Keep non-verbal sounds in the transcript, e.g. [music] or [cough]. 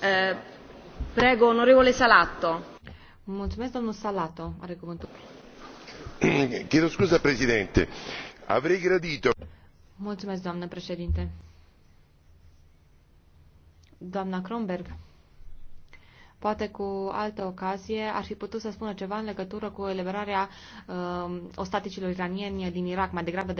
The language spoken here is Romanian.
Eh, prego, onorevole Salato. Mulțumesc, domnul Salato. Are cuvântul. [clears throat] Chiedo scuza, președinte. Avrei gradito. Mulțumesc, doamnă președinte. Doamna Kronberg, poate cu altă ocazie ar fi putut să spună ceva în legătură cu eliberarea uh, ostaticilor iranieni din Irak, mai degrabă de